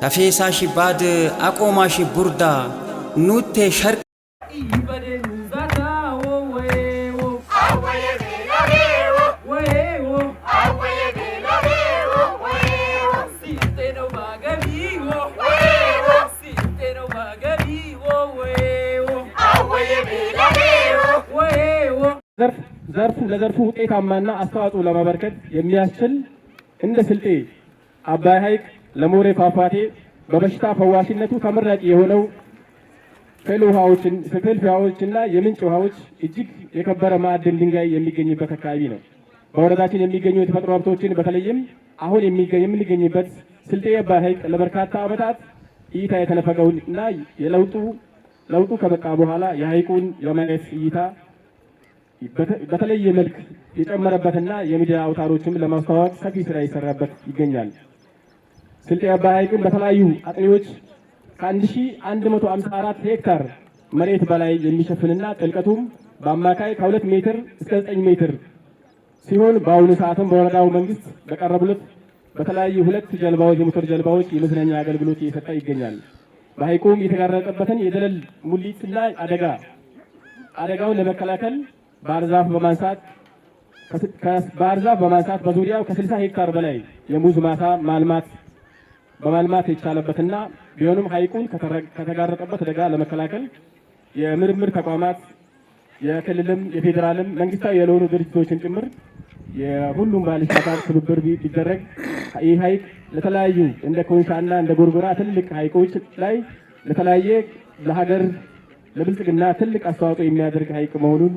تفيساشي باد أقوماشي بوردا نوتي شرق زرف زرف ውጤታማና አስተዋጽኦ ለማበርከት የሚያስችል እንደ ስልጤ አባይ ሀይቅ ለሞሬ ፏፏቴ በበሽታ ፈዋሽነቱ ተመራጭ የሆነው ፍልፍል ውሃዎችና የምንጭ ውሃዎች እጅግ የከበረ ማዕድን ድንጋይ የሚገኝበት አካባቢ ነው። በወረዳችን የሚገኙ የተፈጥሮ ሀብቶችን በተለይም አሁን የምንገኝበት ስልጤ የባ ሐይቅ ለበርካታ ዓመታት እይታ የተነፈገውን እና የለውጡ ለውጡ ከበቃ በኋላ የሐይቁን የማየት እይታ በተለየ መልክ የጨመረበትና የሚዲያ አውታሮችም ለማስተዋወቅ ሰፊ ስራ ይሰራበት ይገኛል። ስልጤ አባይ ሐይቅን በተለያዩ አጥኚዎች ከ አራት ሄክታር መሬት በላይ የሚሸፍንና ጥልቀቱም በአማካይ ከ2 ሜትር እስከ 9 ሜትር ሲሆን በአሁኑ ሰዓትም በወረዳው መንግስት በቀረቡለት በተለያዩ ሁለት ጀልባዎች የሞተር ጀልባዎች የመዝናኛ አገልግሎት እየሰጠ ይገኛል። በሐይቁም የተጋረጠበትን የደለል ሙሊትና አደጋ አደጋውን ለመከላከል ባህርዛፍ በማንሳት ባህር በማንሳት በዙሪያው ከ60 ሄክታር በላይ የሙዝ ማሳ ማልማት በማልማት የቻለበትና ቢሆንም ሐይቁን ከተጋረጠበት አደጋ ለመከላከል የምርምር ተቋማት የክልልም የፌዴራልም መንግስታዊ ያልሆኑ ድርጅቶችን ጭምር የሁሉም ባለስልጣናት ትብብር ቢደረግ ይህ ሐይቅ ለተለያዩ እንደ ኮንሻና እንደ ጎርጎራ ትልቅ ሐይቆች ላይ ለተለያየ ለሀገር ለብልጽግና ትልቅ አስተዋጽኦ የሚያደርግ ሐይቅ መሆኑን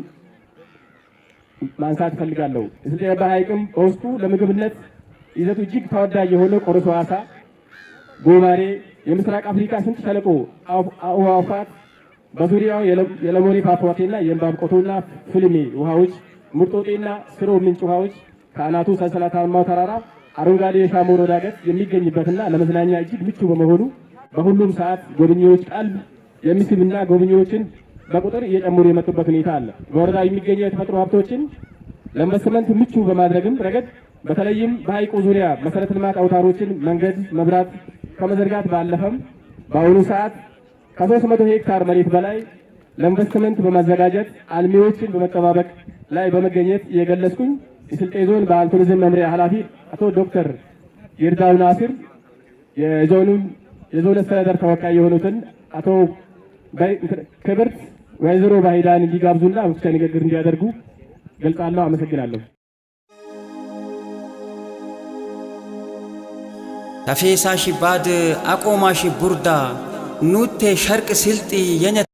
ማንሳት እፈልጋለሁ። የስልጤ ነባ ሐይቅም በውስጡ ለምግብነት ይዘቱ እጅግ ተወዳጅ የሆነ ቆርሶ ዓሳ ጉማሬ፣ የምስራቅ አፍሪካ ስንት ሸለቆ አዕዋፋት፣ በዙሪያው የለሞሪ ፏፏቴና የእምባብቆቶና ፍልሜ ውሃዎች፣ ሙርጦጤና ስሮ ምንጭ ውሃዎች፣ ከአናቱ ሰንሰለታማው ተራራ አረንጓዴ የሻሞ ዳገት የሚገኝበትና ለመዝናኛ እጅግ ምቹ በመሆኑ በሁሉም ሰዓት ጎብኚዎች ቀልብ የሚስብና ጎብኚዎችን በቁጥር እየጨመሩ የመጡበት ሁኔታ አለ። በወረዳ የሚገኙ የተፈጥሮ ሀብቶችን ለኢንቨስትመንት ምቹ በማድረግም ረገድ በተለይም በሐይቁ ዙሪያ መሰረተ ልማት አውታሮችን መንገድ፣ መብራት ከመዘርጋት ባለፈም በአሁኑ ሰዓት ከ300 ሄክታር መሬት በላይ ለኢንቨስትመንት በማዘጋጀት አልሚዎችን በመጠባበቅ ላይ በመገኘት እየገለጽኩኝ የስልጤ ዞን ባህል ቱሪዝም መምሪያ ኃላፊ አቶ ዶክተር ይርዳው ናስር የዞኑን የዞን አስተዳደር ተወካይ የሆኑትን አቶ ክብርት ወይዘሮ ባይዳን እንዲጋብዙና ንግግር እንዲያደርጉ ገልጻለሁ። አመሰግናለሁ። Tafeesaa shi baad aqoomaa shi burdaa nuuttee sharqi silxii yenya